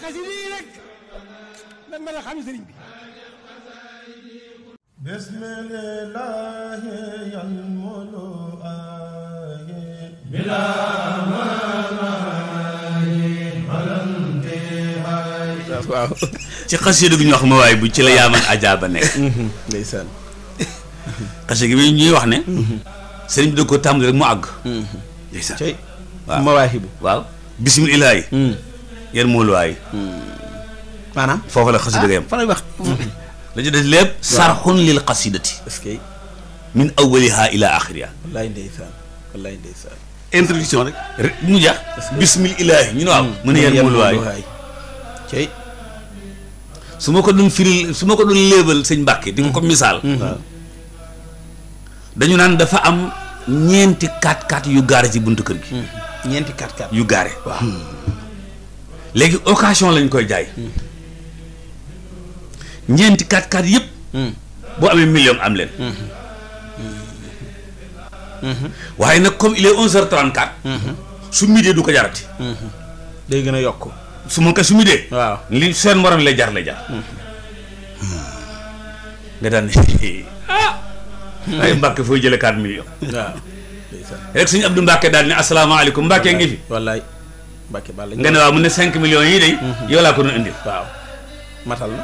xasida yi rek lan mën a xam sëriñ ci xasida ñu wax ma waay bu ci la yaaman ajaaba nekk mhm. ndeysaan xasida gi wax ne sëriñ bi ko tàmbali rek mu àgg mhm. ndeysaan waaw mawaahibu waaw bismillaahi mhm. yéen mooluwaay. maanaam foofu la xasida ga yam ah, fa lay wax. la ci des lépp. sarxun lil xasidati. est-ce que. min awwaliha ila axiriha. wallaay ndeysaan wallaay ndeysaan. introduction rek. rek mu jax. bismil ilaahi ñu ne waaw. Mm, mu ne yéen mooluwaay cey su ma ko doon firil su ma ko dun léebal sëñ Mbàkke di nga ko mm-hmm. misaal. Mm-hmm. dañu naan dafa am ñeenti 4 x yu gaare ci buntu kër gi. Mm-hmm. ñeenti 4 x yu gaare léegi occasion lañ koy jaay. ñeenti 4x4 yëpp. boo amee million am leen. waaye nag comme il est 11h34. su midi du ko jarati. day gën a yokk. su ma ko su midi. waaw li seen morom lay jar lay jar. nga daan ah. ay Mbàkke fooy jëlee 4 waaw. rek suñu Abdou Mbàkke daal ne asalaamaaleykum Mbàkke ngi fi. wallaay. Mbacke Balla nga ne waaw mu ne 5 millions yi day mhm. yow laa ko doon indil waaw matal na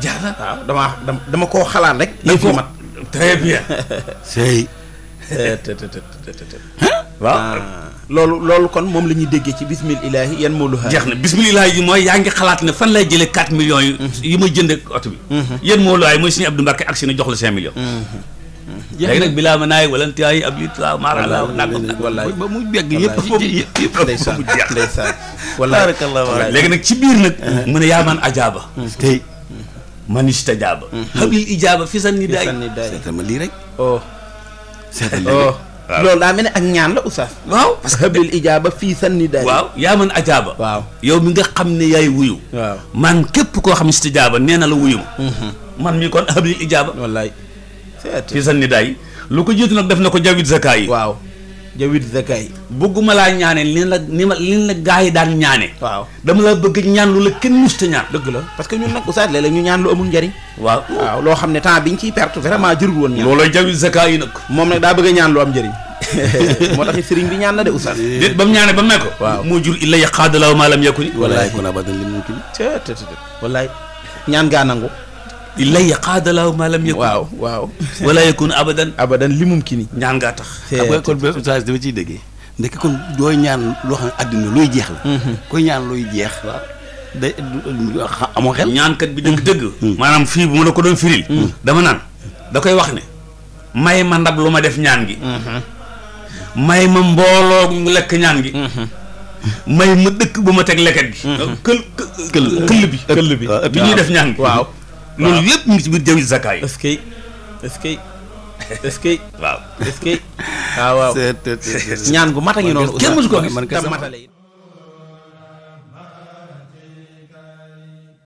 jaar na waaw damaa dama koo xalaat rek yëf yi mat très bien sëy waaw loolu loolu kon moom la ñuy déggee ci bismillaahi yan moo lu jeex na bismillaahi yi mooy yaa ngi xalaat ne fan lay jëlee 4 millions yi yi ma jënd oto bi yan moo lu mooy suñu Abdou Mbacke agsi na jox la 5 millions léegi nag bilaa ma naay wala tiyaay ab yi taa maara laa nangam nag wallaay ba mu begg yëpp foofu yëpp yëpp ndeysaan ndeysaan léegi nag ci biir nag uh-huh. mu ne yaamaan ajaaba mm-hmm. tey man istajaaba mm-hmm. habil ijaaba fi san lii rek oh, oh. daa mel ne ak ñaan parce que habil fii sanni daay waaw yaa man ajaaba yow mi nga xam ne yaay wuyu man képp koo xam istijaaba nee na la wuyu ma mm-hmm. man mi kon habil ijaaba fi sa ni daay lu ko jiitu nag def na ko jawit zaka yi waaw jawit zaka yi bëgguma laa ñaane li la ni ma li la gaa yi daan ñaane waaw dama la bëgg ñaan lu la kenn musta ñaan dëgg la parce que ñun nag oustaz léeg-léeg ñu ñaan lu amul njariñ waaw waaw loo xam ne temps biñ ciy perte vraiment jërul woon ñaan loolooy jawit zaka yi nag moom nag daa bëgg a ñaan lu am njariñ moo tax sëriñ bi ñaan na de oustaz déet ba mu ñaane ba mu ne ko waaw moo jur illa yaqaadalaw maalam yakuni walaay kon abadan li mumkin wallaay ñaan gaa nangu lay xaadalaaw maa lam yakun waaw waaw wala yakun abadan abadan li mum ki ni ñaan ngaa tax xam nga kon oustaz dama ciy déggee loo xam ne àddina luy jeex la mhm. koy ñaan luy jeex waaw day amoo xel ñaankat bi dëgg-dëgg mhm. Mhm. maanaam fii bu ma la ko doon firil dama naan da koy wax ne may ma ndab lu ma def ñaan gi may ma mbooloo mu lekk ñaan gi may ma dëkk bu ma teg leket gi kël kël bi këll bi bi ñuy def ñaan gi waaw loolu yëpp mu ngi ci biir jaww ji zakaay. est-ce que est-ce que est-ce que. waaw est-ce que. waaw waaw ñaan gu mat a ngi noonu. kenn mësu ko gis mata matale